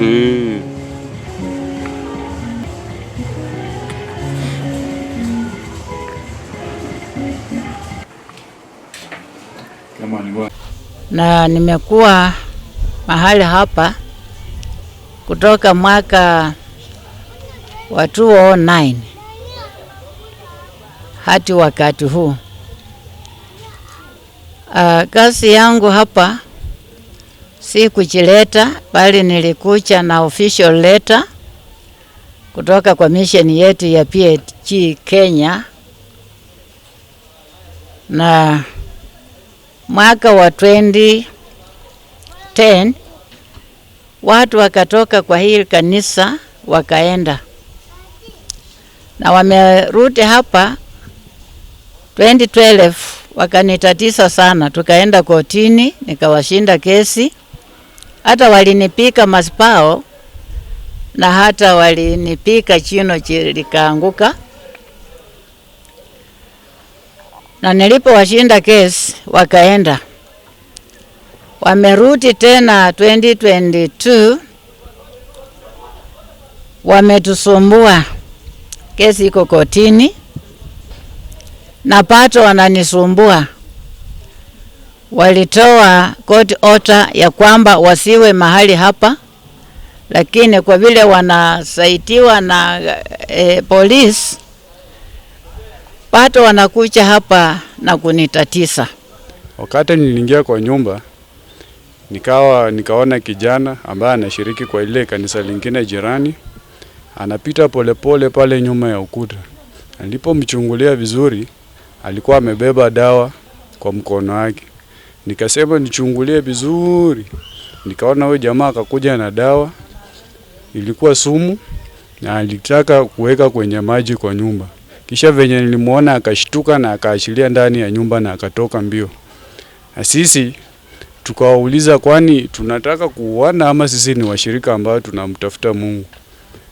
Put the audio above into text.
Hmm. Na nimekuwa mahali hapa kutoka mwaka wa 2009 hadi wakati huu. Uh, kazi yangu hapa si kuchileta, bali nilikucha na official letter kutoka kwa misheni yetu ya PHG Kenya, na mwaka wa 2010 watu wakatoka kwa hili kanisa wakaenda na wamerudi hapa 2012 wakanitatisa sana, tukaenda kotini, nikawashinda kesi hata walinipika mazipao na hata walinipika chino chilikaanguka na nilipo washinda kesi wakaenda. wameruti tena 2022 wametusumbua, kesi iko kotini na pato wananisumbua walitoa court order ya kwamba wasiwe mahali hapa, lakini kwa vile wanasaitiwa na e, polisi pato wanakucha hapa na kunitatisa. Wakati niliingia kwa nyumba nikawa nikaona kijana ambaye anashiriki kwa ile kanisa lingine jirani anapita polepole pole pale nyuma ya ukuta. Nilipomchungulia vizuri, alikuwa amebeba dawa kwa mkono wake. Nikasema nichungulie vizuri, nikaona huyo jamaa akakuja na dawa, ilikuwa sumu na alitaka kuweka kwenye maji kwa nyumba. Kisha venye nilimuona akashtuka na akaashiria ndani ya nyumba na akatoka mbio. Na sisi tukawauliza, kwani tunataka kuuana ama sisi ni washirika ambao tunamtafuta Mungu?